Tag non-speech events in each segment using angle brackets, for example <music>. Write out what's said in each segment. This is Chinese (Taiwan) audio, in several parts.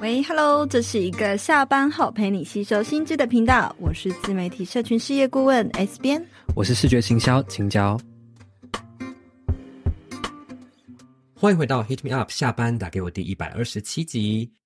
喂，Hello，這是一個下班後陪你吸收新知的頻道，我是自媒體社群事業顧問 S 編， 我是視覺行銷青椒，請教歡迎回到 Hit Me Up，下班打給我第一百二十七集。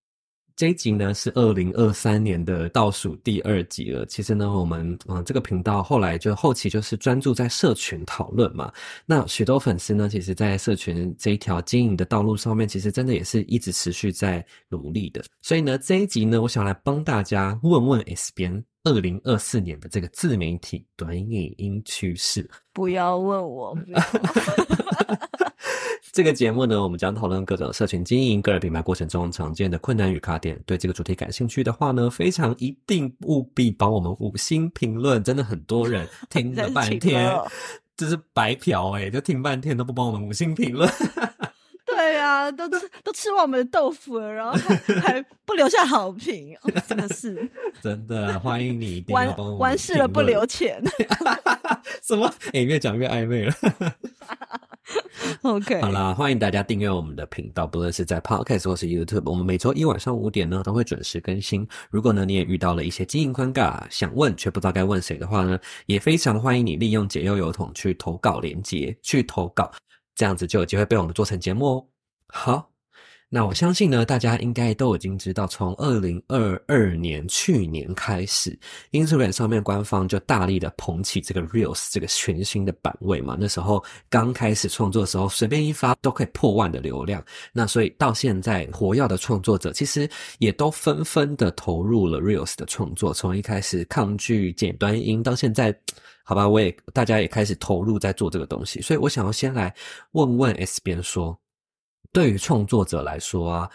這一集呢，是二零二三年的倒數第二集了。其實呢，我們嗯，這個頻道後來就後期就是專注在社群討論嘛。那許多粉絲呢，其實在社群這一條經營的道路上面，其實真的也是一直持續在努力的。所以呢，這一集呢，我想來幫大家問問 S 編二零二四年的這個自媒體短影音趨勢。不要問我。 <laughs> 這個節目呢，我們將討論各種社群經營、個人品牌過程中常見的困難與卡點。對這個主題感興趣的話呢，非常一定務必幫我們五星評論。真的很多人聽了半天，是這是白嫖哎、欸，就聽半天都不幫我們五星評論。對啊，都，都吃都吃完我們的豆腐了，然後還， <laughs> 還不留下好評，哦、真的是真的。歡迎你完完事了不留錢， <laughs> 什麼？哎，越講越曖昧了。 <laughs> <laughs> OK，好啦，歡迎大家訂閱我們的頻道，不論是在 Podcast 或是 YouTube，我們每周一晚上五點呢，都會準時更新。如果呢，你也遇到了一些經營尷尬，想問卻不知道該問誰的話呢，也非常歡迎你利用解憂郵筒去投稿連結，連結去投稿，這樣子就有機會被我們做成節目哦。好。那我相信呢，大家應該都已經知道，從二零二二年去年開始，Instagram 上面官方就大力的捧起這個 Reels 這個全新的版位嘛。那時候剛開始創作的時候，隨便一發都可以破萬的流量。那所以到現在，活躍的創作者其實也都紛紛的投入了 Reels 的創作。從一開始抗拒短影音，到現在，好吧，我也大家也開始投入在做這個東西。所以我想要先來問問 S 編說。對於創作者來說啊，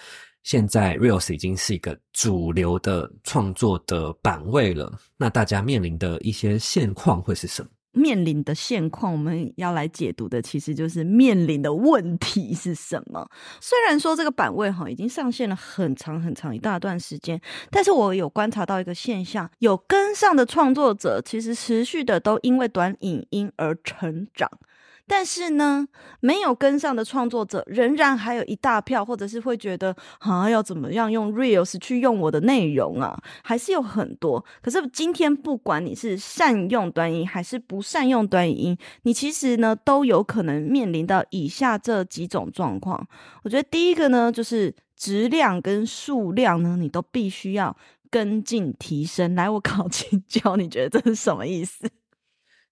現在 Reels 已經是一個主流的創作的版位了。那大家面臨的一些現況會是什麼？面臨的現況，我們要來解讀的其實就是面臨的問題是什麼。雖然說這個版位哈已經上線了很長很長一大段時間，嗯、但是我有觀察到一個現象，有跟上的創作者其實持續的都因為短影音而成長。但是呢，沒有跟上的創作者仍然還有一大票，或者是會覺得啊，要怎麼樣用 reels 去用我的內容啊，還是有很多。可是今天，不管你是善用短影音還是不善用短影音，你其實呢都有可能面臨到以下這幾種狀況。我覺得第一個呢，就是質量跟數量呢，你都必須要跟進提升。來，我考青椒，你覺得這是什麼意思？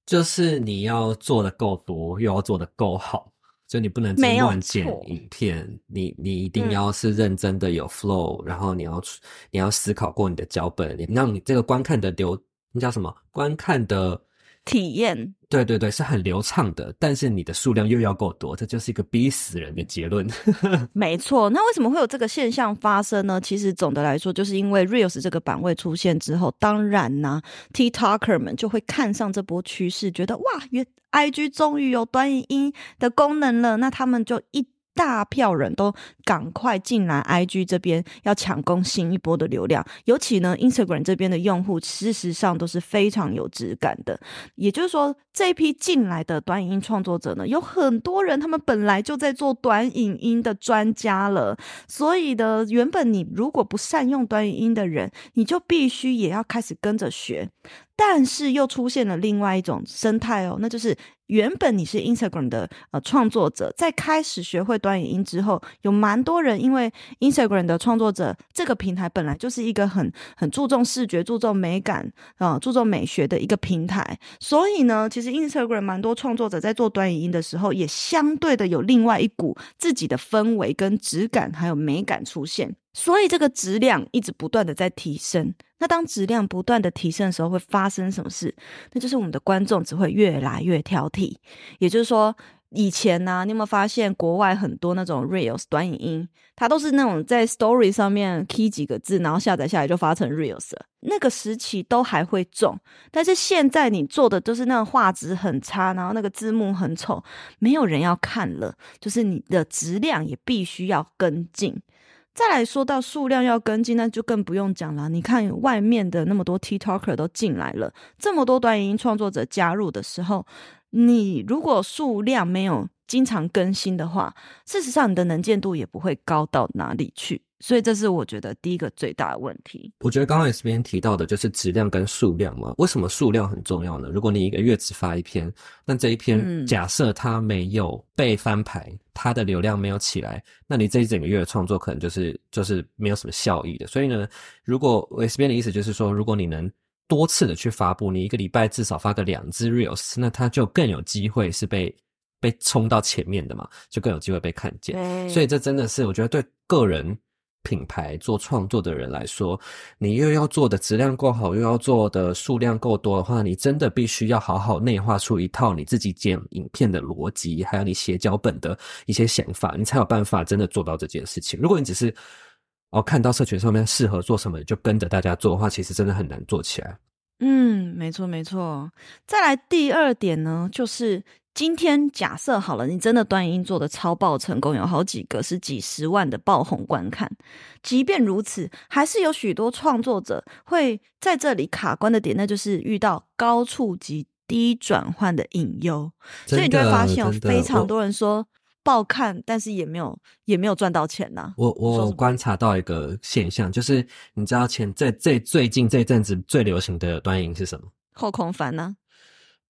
就是你要做的夠多，又要做的夠好，就你不能再亂剪影片，你你一定要是認真的有 flow，嗯，然後你要你要思考過你的腳本，你讓你這個觀看的流那叫什麼？觀看的。體驗對對對，是很流暢的，但是你的數量又要夠多，這就是一個逼死人的結論。 <laughs> 沒錯，那為什麼會有這個現象發生呢？其實總的來說，就是因為 Reels 這個版位出現之後，當然呢、啊、，TikToker 們就會看上這波趨勢，覺得哇，IG 終於有短影音的功能了，那他們就一大票人都趕快進來，IG 這邊要搶攻新一波的流量。尤其呢，Instagram 這邊的用戶事實上都是非常有質感的。也就是說，這一批進來的短影音創作者呢，有很多人他們本來就在做短影音的專家了。所以呢，原本你如果不善用短影音的人，你就必須也要開始跟着學。但是又出現了另外一種生態哦，那就是。原本你是 Instagram 的呃創作者，在開始學會短影音之後，有蠻多人因為 Instagram 的創作者，這個平台本來就是一個很很注重視覺、注重美感啊、呃、注重美學的一個平台，所以呢，其實 Instagram 蠻多創作者在做短影音的時候，也相對的有另外一股自己的氛圍跟質感，還有美感出現。所以這個質量一直不斷的在提升。那當質量不斷的提升的時候，會發生什麼事？那就是我們的觀眾只會越來越挑剔。也就是說，以前呢、啊，你有沒有發現國外很多那種 reels 短影音，它都是那種在 story 上面 key 幾個字，然後下載下來就發成 reels。那個時期都還會中，但是現在你做的都是那種畫質很差，然後那個字幕很醜，沒有人要看了。就是你的質量也必須要跟進。再來說到數量要跟進，那就更不用講了。你看外面的那麼多 TikToker 都進來了，這麼多短影音創作者加入的時候，你如果數量沒有經常更新的話，事實上你的能見度也不會高到哪裡去。所以這是我覺得第一個最大的問題。我覺得剛剛 S 邊提到的就是質量跟數量嘛。為什麼數量很重要呢？如果你一個月只發一篇，那這一篇假設它沒有被翻牌，它的流量沒有起來，那你這一整個月的創作可能就是就是沒有什麼效益的。所以呢，如果 S 邊的意思就是說，如果你能多次的去發布，你一個禮拜至少發個兩支 Reels，那它就更有機會是被被衝到前面的嘛，就更有機會被看見。對所以這真的是我覺得對個人。品牌做創作的人來說，你又要做的質量夠好，又要做的數量夠多的話，你真的必須要好好內化出一套你自己剪影片的邏輯，還有你寫腳本的一些想法，你才有辦法真的做到這件事情。如果你只是哦看到社群上面適合做什麼，就跟着大家做的話，其實真的很難做起來。嗯，沒錯，沒錯。再來第二點呢，就是。今天假設好了，你真的短影音做得超爆的成功，有好幾個是幾十萬的爆紅觀看。即便如此，還是有許多創作者會在這裡卡關的點，那就是遇到高觸及低轉換的隱憂。的所以你就會發現，的非常多人說爆看，我但是也沒有也沒有賺到錢吶，啊。我我觀察到一個現象，就是你知道前這這最，最近這陣子最流行的短影音是什麼？後空翻呢，啊？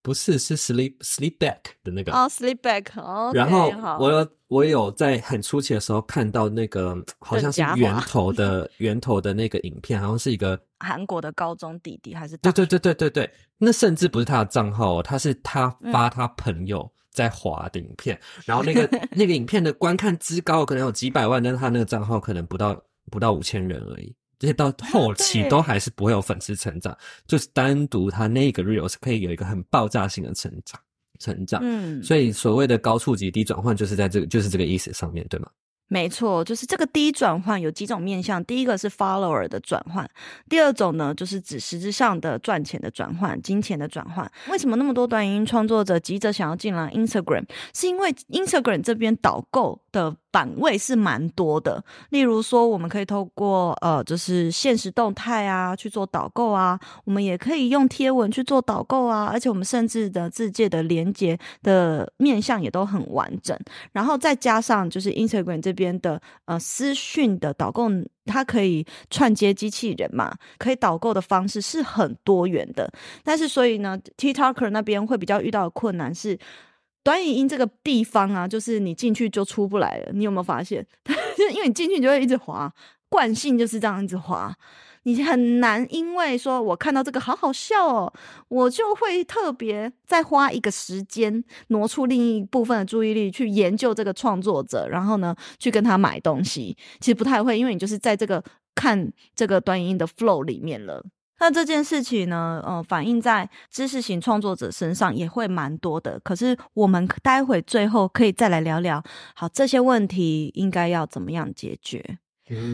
不是，是 sleep sleep back 的那個。哦、oh，sleep back，哦、okay。然後我有、嗯、我有在很初期的時候看到那個，好像是源頭的源頭的那個影片，好像是一個韓 <laughs> 國的高中弟弟還是？對對對對對對，那甚至不是他的賬號，他是他發他朋友在華的影片，嗯、然後那個那個影片的觀看之高可能有幾百萬， <laughs> 但是他那個賬號可能不到不到五千人而已。這些到後期都還是不會有粉絲成長，嗯、就是單獨他那個 Reels 可以有一個很爆炸性的成長，成長。嗯，所以所謂的高觸及低轉換，就是在這個就是這個意思上面對嗎？沒錯，就是這個低轉換有幾種面向，第一個是 follower 的轉換，第二種呢就是指實質上的賺錢的轉換，金錢的轉換。為什麼那麼多短影音創作者急着想要進來 Instagram？是因為 Instagram 這邊導購。的版位是蠻多的，例如說，我們可以透過呃，就是限時動態啊去做導購啊，我們也可以用貼文去做導購啊，而且我們甚至的字界的連接的面向也都很完整，然後再加上就是 Instagram 這邊的呃私訊的導購，它可以串接機器人嘛，可以導購的方式是很多元的，但是所以呢，TikToker 那邊會比較遇到的困難是。短影音這個地方啊，就是你進去就出不來了。你有沒有發現？ <laughs> 因為你進去就會一直滑，慣性就是這樣子滑。你很難，因為說我看到這個好好笑哦，我就會特別再花一個時間，挪出另一部分的注意力去研究這個創作者，然後呢去跟他買東西。其實不太會，因為你就是在這個看這個短影音的 flow 裡面了。那這件事情呢，呃，反映在知識型創作者身上也會蠻多的。可是我們待會最後可以再來聊聊，好，這些問題應該要怎麼樣解決？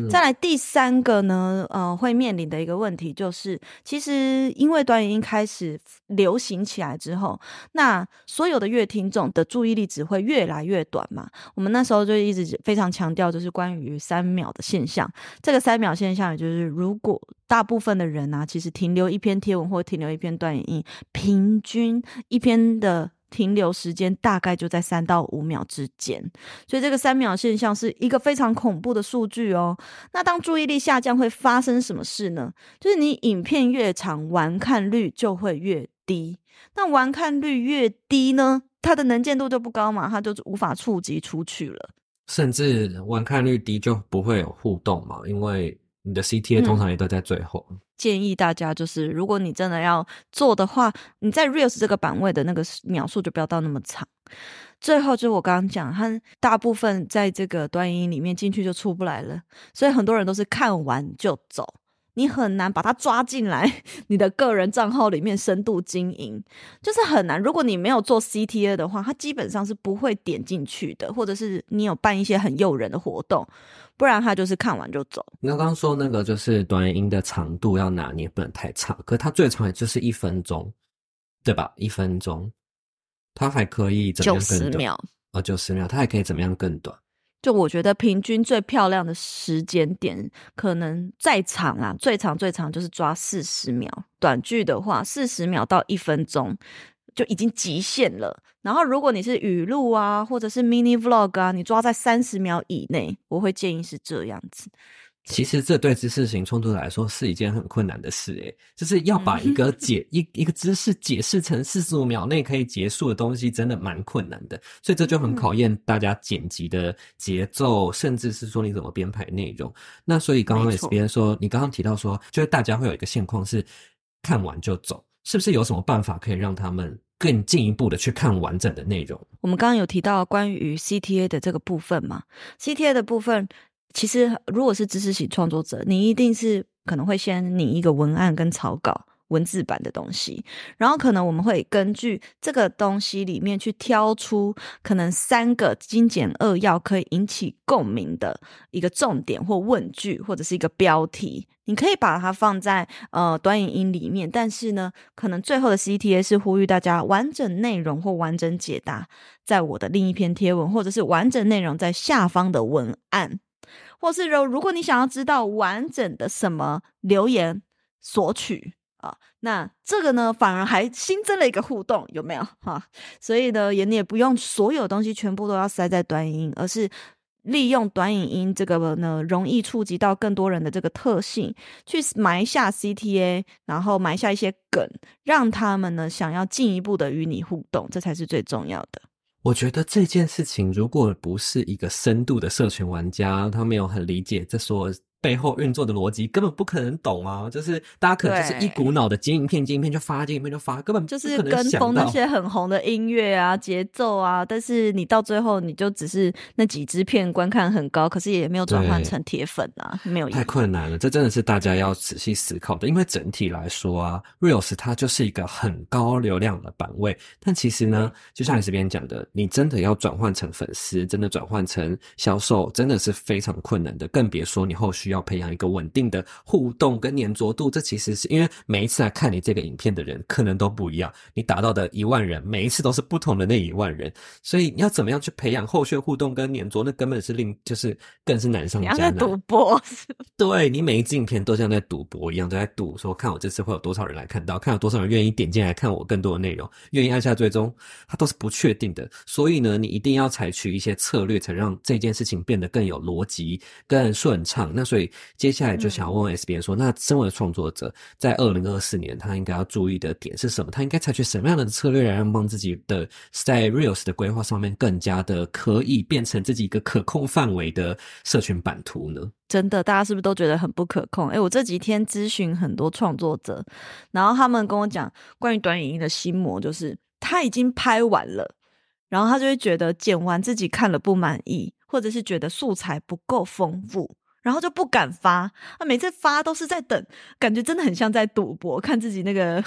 再來第三個呢，呃，會面臨的一個問題就是，其實因為短影音開始流行起來之後，那所有的閱聽眾的注意力只會越來越短嘛。我們那時候就一直非常強調，就是關於三秒的現象。這個三秒現象，也就是如果大部分的人呢、啊，其實停留一篇貼文或停留一篇短影音，平均一篇的。停留時間大概就在三到五秒之間，所以這個三秒現象是一個非常恐怖的數據哦。那當注意力下降會發生什麼事呢？就是你影片越長，完看率就會越低。那完看率越低呢，它的能見度就不高嘛，它就無法觸及出去了。甚至完看率低就不會有互動嘛，因為。你的 CTA 通常也都在最後。嗯、建議大家就是，如果你真的要做的話，你在 Reels 這個版位的那個秒數，就不要到那麼長。最後就是我剛剛講，他大部分在這個短影裡面進去就出不來了，所以很多人都是看完就走。你很難把它抓進來你的個人賬號裡面深度經營，就是很難。如果你沒有做 CTA 的話，它基本上是不會點進去的，或者是你有辦一些很誘人的活動，不然他就是看完就走。你剛剛說那個就是短音，的長度要拿，你也不能太長，可是它最長也就是一分鐘，對吧？一分鐘，它還可以怎麼樣更短？九十秒啊，九十秒，它、哦、還可以怎麼樣？更短。就我覺得，平均最漂亮的時間點，可能再長啊，最長最長就是抓四十秒。短劇的話，四十秒到一分鐘就已經極限了。然後，如果你是語錄啊，或者是 mini vlog 啊，你抓在三十秒以內，我會建議是這樣子。其實這對知識型創作者來說是一件很困難的事，誒，就是要把一個解 <laughs> 一一個知識解釋成四十五秒內可以結束的東西，真的蠻困難的。所以這就很考驗大家剪輯的節奏，嗯、甚至是說你怎麼編排內容。那所以剛剛 S 編說，你剛剛提到說，就是大家會有一個現況是看完就走，是不是有什麼辦法可以讓他們更進一步的去看完整的內容？我們剛剛有提到關於 CTA 的這個部分嘛？CTA 的部分。其實，如果是知識型創作者，你一定是可能會先擬一個文案跟草稿文字版的東西，然後可能我們會根據這個東西裡面去挑出可能三個精簡扼要、可以引起共鳴的一個重點或問句，或者是一個標題，你可以把它放在呃短影音裡面，但是呢，可能最後的 CTA 是呼籲大家完整內容或完整解答，在我的另一篇貼文，或者是完整內容在下方的文案。或是如果你想要知道完整的什麼留言索取啊，那這個呢反而還新增了一個互動，有沒有哈？啊，所以呢，也你也不用所有東西全部都要塞在短影音，而是利用短影音這個呢容易觸及到更多人的這個特性，去埋下 CTA，然後埋下一些梗，讓他們呢想要進一步的與你互動，這才是最重要的。我覺得這件事情，如果不是一個深度的社群玩家，他沒有很理解這所。背後運作的邏輯根本不可能懂啊！就是大家可能就是一股腦的剪影片，剪影片就發，剪影片就發，根本就是跟風那些很紅的音樂啊、節奏啊。但是你到最後，你就只是那幾支片觀看很高，可是也沒有轉換成鐵粉啊，對沒有。太困難了。這真的是大家要仔細思考的，因為整體來說啊，Reels 它就是一個很高流量的版位。但其實呢，就像你這邊講的，你真的要轉換成粉絲，真的轉換成銷售，真的是非常困難的，更別說你後續。要培養一個穩定的互動跟粘着度這其實是因為每一次來看你這個影片的人可能都不一樣，你達到的一萬人，每一次都是不同的那一萬人，所以你要怎麼樣去培養後續互動跟粘着那根本是令就是更是難上加難。要在賭博，對，你每一支影片都像在賭博一樣，都在賭說，看我這次會有多少人來看到，看有多少人願意點進來看我更多的內容，願意按下追蹤，它都是不確定的。所以呢，你一定要採取一些策略，才讓這件事情變得更有邏輯、更順暢。那所以。所以接下來就想問問 S 編說，那身為創作者，在二零二四年，他應該要注意的點是什麼？他應該採取什麼樣的策略，來讓自己的在 Reels 的規劃上面更加的可以變成自己一個可控範圍的社群版圖呢？真的，大家是不是都覺得很不可控？哎、欸，我這幾天諮詢很多創作者，然後他們跟我講關於短影音的心魔，就是他已經拍完了，然後他就會覺得剪完自己看了不滿意，或者是覺得素材不夠豐富。然後就不敢發，啊，每次發都是在等，感覺真的很像在賭博，看自己那個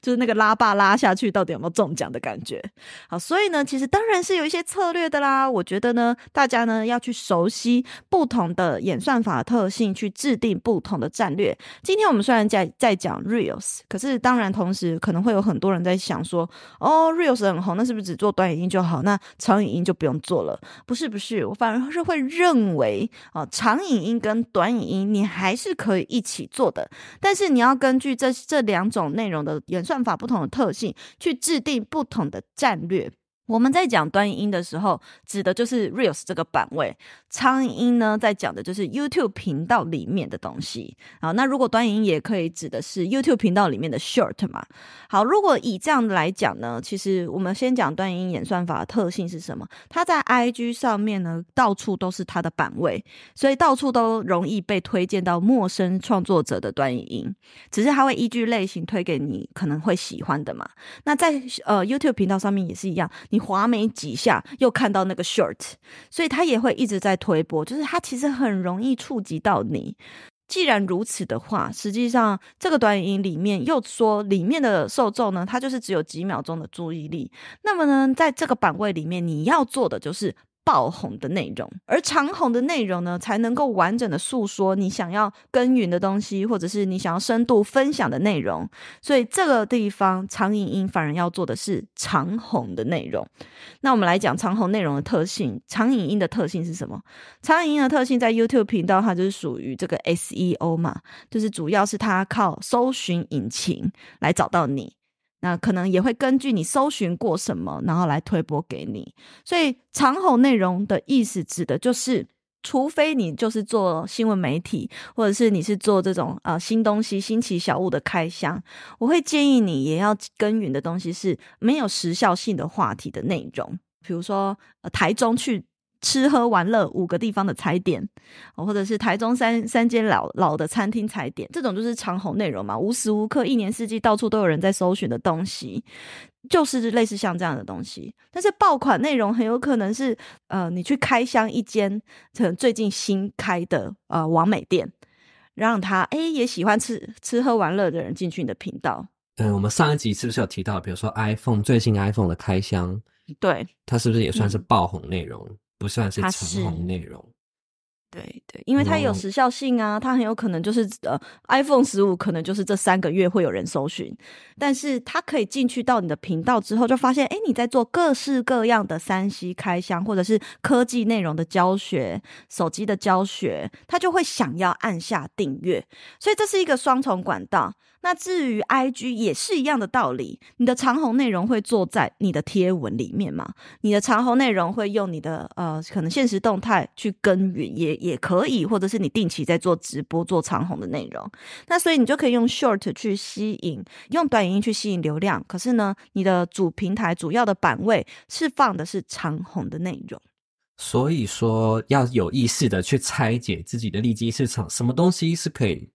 就是那個拉巴拉下去到底有沒有中獎的感覺。好，所以呢，其實當然是有一些策略的啦。我覺得呢，大家呢要去熟悉不同的演算法特性，去制定不同的戰略。今天我們雖然在在講 Reels，可是當然同時可能會有很多人在想說，哦，Reels 很紅，那是不是只做短影音就好？那長影音就不用做了？不是不是，我反而是會認為啊，長影。音跟短影音，你還是可以一起做的，但是你要根據這這兩種內容的演算法不同的特性，去制定不同的戰略。我們在講短影音的時候，指的就是 Reels 這個版位；長影音呢，在講的就是 YouTube 頻道裡面的東西。好，那如果短影音也可以指的是 YouTube 頻道裡面的 short 嘛？好，如果以這樣來講呢，其實我們先講短影音演算法的特性是什麼？它在 IG 上面呢，到處都是它的版位，所以到處都容易被推薦到陌生創作者的短影音。只是它會依據類型推給你可能會喜歡的嘛？那在呃 YouTube 頻道上面也是一樣。你滑沒幾下，又看到那個 shirt，所以他也會一直在推播，就是他其實很容易觸及到你。既然如此的話，實際上這個短影音裡面又說裡面的受眾呢，他就是只有幾秒鐘的注意力。那麼呢，在這個版位裡面，你要做的就是。爆紅的內容，而長紅的內容呢，才能夠完整的訴說你想要耕耘的東西，或者是你想要深度分享的內容。所以這個地方，長影音反而要做的是長紅的內容。那我們來講長紅內容的特性，長影音的特性是什麼？長影音的特性在 YouTube 頻道，它就是屬於這個 SEO 嘛，就是主要是它靠搜尋引擎來找到你。那可能也會根據你搜尋過什麼，然後來推播給你。所以長紅內容的意思，指的就是，除非你就是做新聞媒體，或者是你是做這種啊、呃、新東西、新奇小物的開箱，我會建議你也要耕耘的東西是沒有時效性的話題的內容，比如說、呃、台中去。吃喝玩樂五個地方的踩點，或者是台中三三間老老的餐廳踩點，這種就是長紅內容嘛，無時無刻、一年四季到處都有人在搜尋的東西，就是類似像這樣的東西。但是爆款內容很有可能是，呃，你去開箱一間，呃，可能最近新開的呃網美店，讓他哎、欸、也喜歡吃吃喝玩樂的人進去你的頻道。嗯，我們上一集是不是有提到，比如說 iPhone 最新 iPhone 的開箱？對，它是不是也算是爆紅內容？嗯不算是長紅內容，對對，因為它有時效性啊，它很有可能就是呃，iPhone 15可能就是這三個月會有人搜尋，但是他可以進去到你的頻道之後，就發現，哎、欸，你在做各式各樣的三 C 開箱，或者是科技內容的教學、手機的教學，他就會想要按下訂閱，所以這是一個雙重管道。那至於 IG 也是一樣的道理，你的長紅內容會做在你的貼文裡面嘛，你的長紅內容會用你的呃，可能現實動態去耕耘，也也可以，或者是你定期在做直播做長紅的內容。那所以你就可以用 short 去吸引，用短影音去吸引流量。可是呢，你的主平台主要的版位是放的是長紅的內容。所以說要有意識的去拆解自己的利基市場，什麼東西是可以，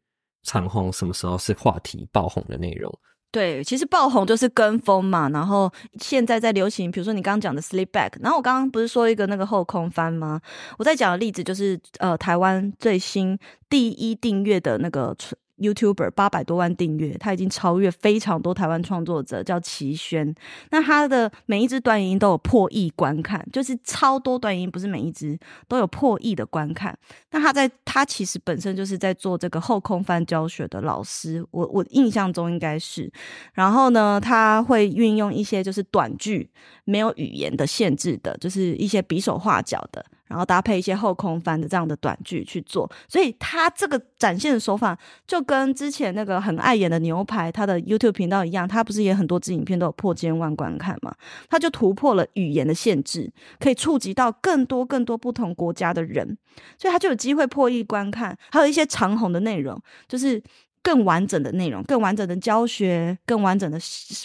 長紅什麼時候是話題爆紅的內容？對，其實爆紅就是跟風嘛。然後現在在流行，比如說你剛剛講的 sleep back。然後我剛剛不是說一個那個後空翻嗎？我在講的例子就是呃，台灣最新第一訂閱的那個。YouTuber 八百多萬訂閱，他已經超越非常多台灣創作者，叫齊軒。那他的每一支短影音都有破億觀看，就是超多短影音，不是每一支都有破億的觀看。那他在他其實本身就是在做這個後空翻教學的老師，我我印象中應該是。然後呢，他會運用一些就是短劇，沒有語言的限制的，就是一些比手畫腳的。然後搭配一些後空翻的這樣的短劇去做，所以他這個展現的手法就跟之前那個很愛演的牛排他的 YouTube 頻道一樣，他不是也很多支影片都有破千萬觀看嗎？他就突破了語言的限制，可以觸及到更多更多不同國家的人，所以他就有機會破億觀看，還有一些長紅的內容就是。更完整的內容，更完整的教學，更完整的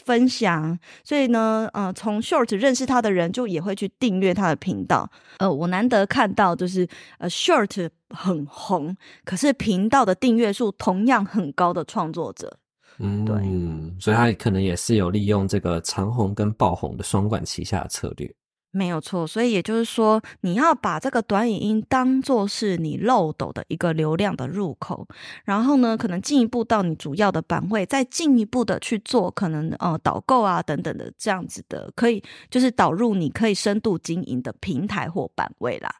分享，所以呢，呃，從 short 認識他的人就也會去訂閱他的頻道。呃，我難得看到就是，呃，short 很紅，可是頻道的訂閱數同樣很高的創作者。嗯，對，所以他可能也是有利用這個長紅跟爆紅的雙管齊下的策略。沒有錯，所以也就是說，你要把這個短影音當作是你漏斗的一個流量的入口，然後呢，可能進一步到你主要的版位，再進一步的去做可能呃導購啊等等的這樣子的，可以就是導入你可以深度經營的平台或版位啦。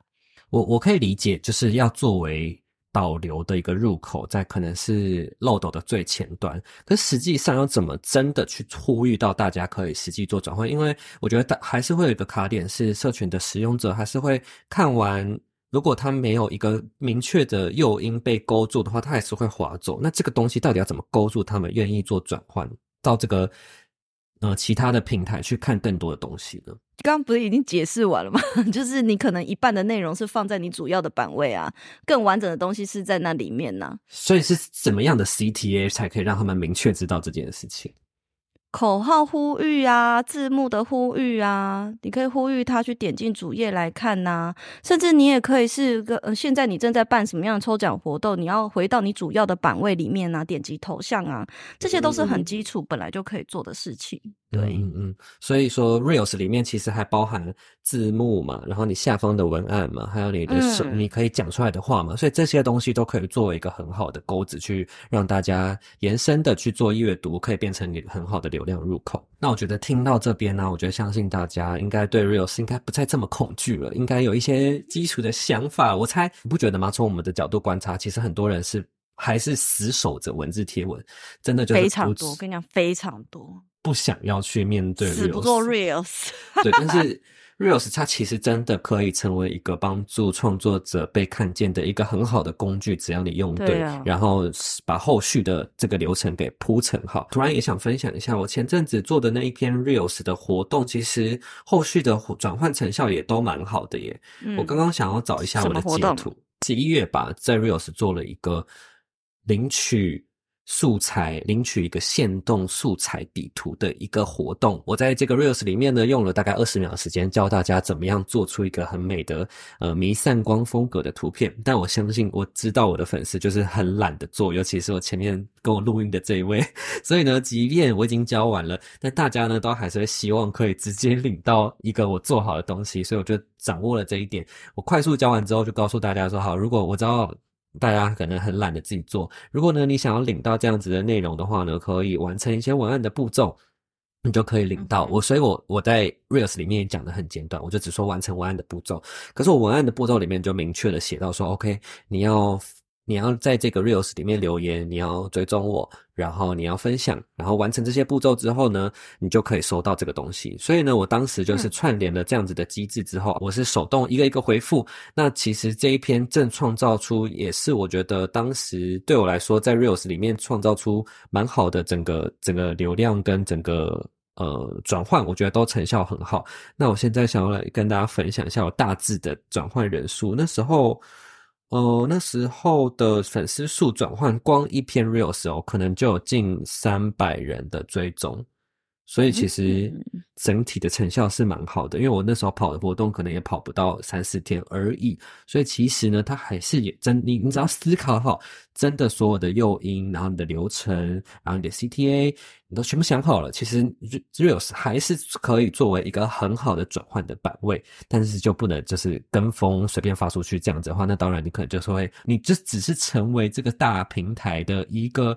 我我可以理解，就是要作為。導流的一個入口，在可能是漏斗的最前端，可實際上要怎麼真的去呼籲到大家可以實際做轉換？因為我覺得還是會有一個卡點，是社群的使用者還是會看完，如果他沒有一個明確的誘因被勾住的話，他還是會滑走。那這個東西到底要怎麼勾住他們，願意做轉換到這個，呃，其他的平台去看更多的東西呢？剛剛不是已經解釋完了嗎？就是你可能一半的內容是放在你主要的版位啊，更完整的東西是在那裡面呢啊。所以是怎麼樣的 CTA 才可以讓他們明確知道這件事情？口號呼籲啊，字幕的呼籲啊，你可以呼籲他去點進主頁來看吶、啊，甚至你也可以是一個，呃，現在你正在辦什麼樣的抽獎活動，你要回到你主要的版位裡面啊，點擊頭像啊，這些都是很基礎，本來就可以做的事情。嗯、對，嗯嗯，所以說 Reels 裡面其實還包含字幕嘛，然後你下方的文案嘛，還有你的手，嗯、你可以講出來的話嘛，所以這些東西都可以作為一個很好的鈎子，去讓大家延伸的去做閱讀，可以變成你很好的流入口，那我覺得聽到這邊呢、啊，我覺得相信大家應該對 Reels 應該不再這麼恐懼了，應該有一些基礎的想法。我猜你不覺得嗎？從我們的角度觀察，其實很多人是還是死守着文字貼文，真的就非常多。我跟你講，非常多，不想要去面對，死不做 Reels。 <laughs> 對，但是。Reels，它其實真的可以成為一個幫助創作者被看見的一個很好的工具，只要你用對，對啊、然後把後續的這個流程給鋪陳好。突然也想分享一下，我前陣子做的那一篇 Reels 的活動，其實後續的轉換成效也都蠻好的耶。嗯、我剛剛想要找一下我的截圖，十一月吧，在 Reels 做了一個領取，素材領取一個限動素材底圖的一個活動，我在這個 reels 裡面呢用了大概二十秒的時間教大家怎麼樣做出一個很美的呃彌散光風格的圖片。但我相信我知道我的粉絲就是很懶得做，尤其是我前面跟我錄音的這一位，所以呢，即便我已經教完了，但大家呢都還是希望可以直接領到一個我做好的東西，所以我就掌握了這一點。我快速教完之後就告訴大家說：好，如果我知道。大家可能很懶得自己做。如果呢，你想要領到這樣子的內容的話呢，可以完成一些文案的步驟，你就可以領到我。所以我我在 Reels 裡面也講的很簡短，我就只說完成文案的步驟。可是我文案的步驟裡面就明確的寫到說，OK，你要。你要在這個 Reels 裡面留言，你要追蹤我，然後你要分享，然後完成這些步驟之後呢，你就可以收到這個東西。所以呢，我當時就是串聯了這樣子的機制之後，嗯、我是手動一個一個回復。那其實這一篇正創造出，也是我覺得當時對我來說，在 Reels 裡面創造出蠻好的整個整個流量跟整個呃轉換，我覺得都成效很好。那我現在想要來跟大家分享一下我大致的轉換人數，那時候。哦、呃，那時候的粉絲數轉換，光一篇 Reels 哦，可能就有近三百人的追蹤。所以其實整體的成效是蠻好的，因為我那時候跑的活動可能也跑不到三四天而已，所以其實呢，它還是也真你，你只要思考好真的所有的誘因，然後你的流程，然後你的 CTA，你都全部想好了，其實 Reels 還是可以作為一個很好的轉換的版位，但是就不能就是跟風隨便發出去這樣子的話，那當然你可能就是會、欸、你就只是成為這個大平台的一個。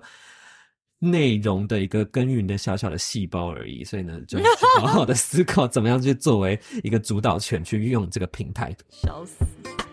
內容的一個耕耘的小小的細胞而已，所以呢，就好好的思考怎麼樣去作為一個主導權去運用這個平台。笑死。 <noise>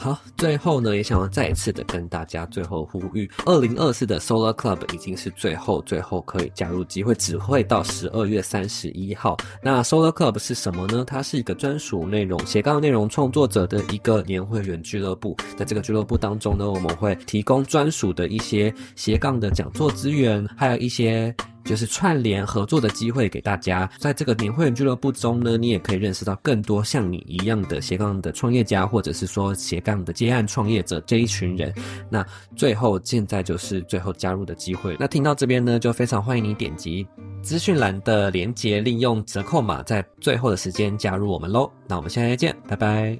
好，最後呢，也想要再一次的跟大家最後呼籲，二零二四的 SOLER CLUB 已經是最後最後可以加入機會，只會到十二月三十一號。那 SOLER CLUB 是什麼呢？它是一個專屬內容斜槓內容創作者的一個年會員俱樂部。在這個俱樂部當中呢，我們會提供專屬的一些斜槓的講座資源，還有一些。就是串聯合作的機會給大家，在這個年會員俱樂部中呢，你也可以認識到更多像你一樣的斜槓的創業家，或者是說斜槓的接案創業者這一群人。那最後現在就是最後加入的機會，那聽到這邊呢，就非常歡迎你點擊資訊欄的鏈接，利用折扣碼在最後的時間加入我們嘍。那我們下期再見，拜拜。